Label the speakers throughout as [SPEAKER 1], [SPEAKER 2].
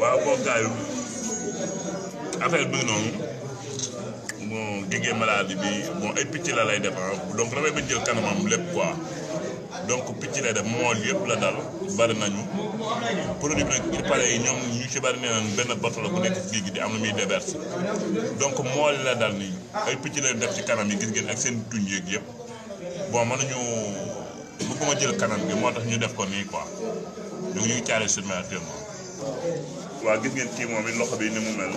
[SPEAKER 1] waaw bon gars yi affaire bi noonu bon géej maladie bi bon ay picc la lay defa ah. donc dafay bañ jël kanamam lépp quoi donc picc lay def mool yëpp la dal bari nañu produit bi nag il pare yi ñoom ñu ci bari nee nañ benn bato la bu nekk fii gi di am na muy déverse donc mool la dal nii ay picc lay def ci kanam yi gis ngeen ak seen tuñ yeeg yëpp boo mën nañu bëgguma jël kanam bi moo tax ñu def ko nii quoi ñu ngi caare sur mer waaw gis ngeen kii moom it loxo bi ni mu mel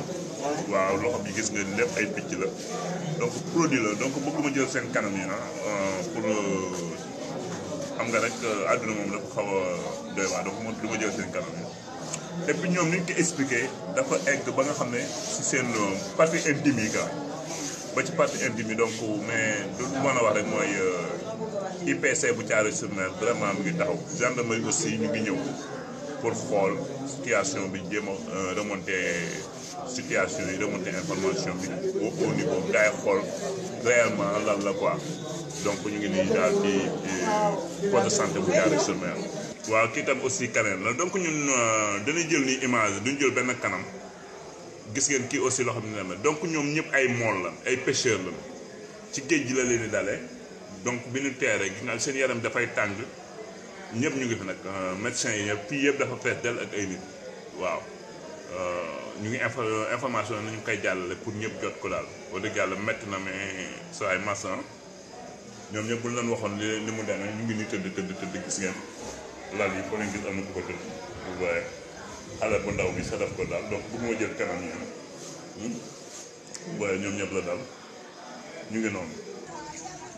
[SPEAKER 1] waaw loxo bi gis ngeen lépp ay picc la donc produit la donc bëgguma jël seen kanam yi na ah, euh, euh, xam nga rek euh, àdduna moom xaw a doy waar donc du ma jël seen kanam yi et puis ñoom ni ñu ko expliqué dafa egg ba nga xam ne si seen partie intime yi quoi ba ci partie intime yi donc mais du mën a wax rek mooy IPC bu Thiaroye sur Mer vraiment mu ngi taxaw gendarmerie aussi ñu ngi ñëw pour xool situation bi jéem a euh, remonter situation yi remonter information bi au au niveau gars xool réellement lan la quoi donc ñu ngi nii daal di poste de santé bu diarekh sur waaw kii tam aussi kaneen la donc ñun euh, dañuy jël ni image duñ jël benn kanam gis ngeen kii aussi loo xam ne la donc ñoom ñëpp ay mool la ay pêcheurs la ci géej gi la leen di dalee donc bi ñu teeree gis nga seen yaram dafay tàng. ñëpp ñu ngi fi nag euh, médecins yi ñëpp fii yëpp dafa fees dell ak ay nit waaw euh, ñu ngi info euh, information yi ñu koy jàllale pour ñëpp jot ko daal wax dëgg yàlla métti na mais saa ay maçon ñoom ñëpp bu ñu leen waxoon li li mu demee ñu ngi nii tëdd tëdd tëdd gis ngeen lal yi foo leen gis am na ko tëdd bu baaxee xale bu ndaw bi sa def ko daal donc bu ma jël kanam yi bu hmm? baaxee ñoom ñëpp la dal ñu ngi noonu.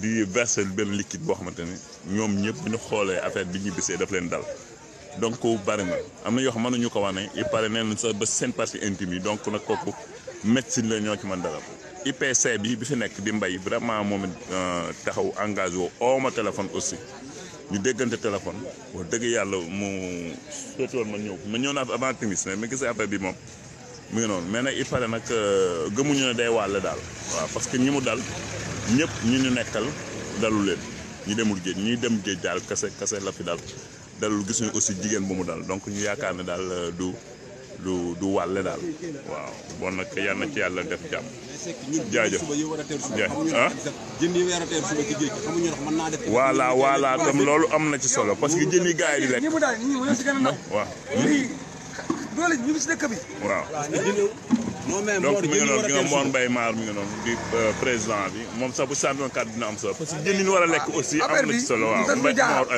[SPEAKER 1] di verser benn liquide boo xamante ni ñoom ñëpp bu xoolee affaire bi ñu bisee daf leen dal donc bari na am na yoo xam mënuñu ko wane il paraît nee nañ sax ba seen partie intime yi donc nag kooku médecine la ñoo ci mën dara IPC bi bi fi nekk di mbay vraiment moom euh, taxaw engagé woo ma téléphone aussi ñu déggante téléphone wax dëgg yàlla mu souhaité woon ma ñëw ma ñëw naa fi avant timis mais ma gisee affaire bi moom mu ngi noonu mais na i pare nag euh, gëmuñu ne day wàll daal waaw parce que ñi mu dal. ñëpp ñu ñu nekkal dalu leen ñu demul géej ñuy dem géej daal kase kase la fi daal dalul gis ñu aussi jigéen bu mu dal donc ñu yaakaar ne daal euh, du du wàlle daal waaw bon nag yal na ci yàlla def jàmm. jaajëf ah. voilà voilà tam loolu am na ci solo parce que jën yi gars yi di lekk. waaw. donc mi ngi noonu gi nga Mor Mbaye ngi noonu di président bi moom sax bu champion carte dina am solo parce que jën yi war a lekk aussi am na ci bi daf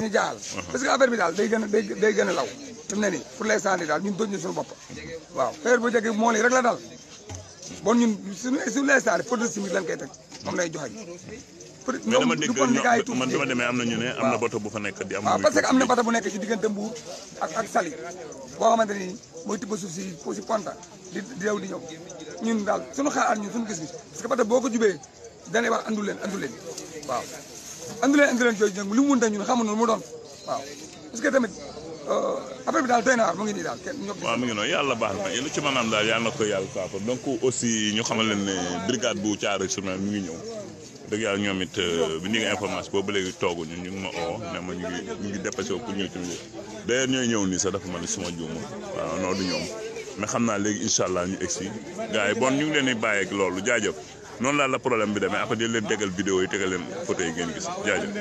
[SPEAKER 2] ñu jaal parce que affaire bi daal day gën a day gën a law fi mu ne nii pour l'instant nii daal ñun doj ñu suñu bopp waaw affaire bu jege moo lii rek la daal bon ñun suñu suñu l'instant faute de chimique lañ koy teg moom lay joxe
[SPEAKER 1] peut ñoom du kon li gars dama demee am na ñu ne am na bato bu fa nekk di am waaw ah, parce que am
[SPEAKER 2] ak ak boo xamante ni mooy tibb suuf si si Ponta di di daw di ñëw ñun daal suñu xalaat ñun suñu gis-gis parce que bato boo ko jubee danay wax andu leen andu leen waaw andu leen li mu mënta ñun xamuñu mu doon waaw parce que tamit euh, affaire bi daal na waar mu ngi nii daal kenn ñoo waaw
[SPEAKER 1] mu ngi noonu yàlla lu ci mën a am daal yàlla na ko yàlla saafara donc aussi ñu xamal leen ne brigade bu Thiaroye sur Mer mi ngi ñëw dëgg yàlla ñoom it euh, bi ñu ngi boobu léegi toogu ñu ñu ngi ma oo ne ma ñu ngi ñu ngi dépassé ñëw ci milieu d'ailleurs ñooy ñëw nii sax dafa mel ni suma juuma waaw non du ñoom mais xam naa léegi incha allah ñu egsi gars yi bon ñu ngi leen di bàyyeeg loolu jaajëf noonu laa la problème bi demee après di leen tegal vidéo yi tegal leen photo yi ngeen gis jaajëf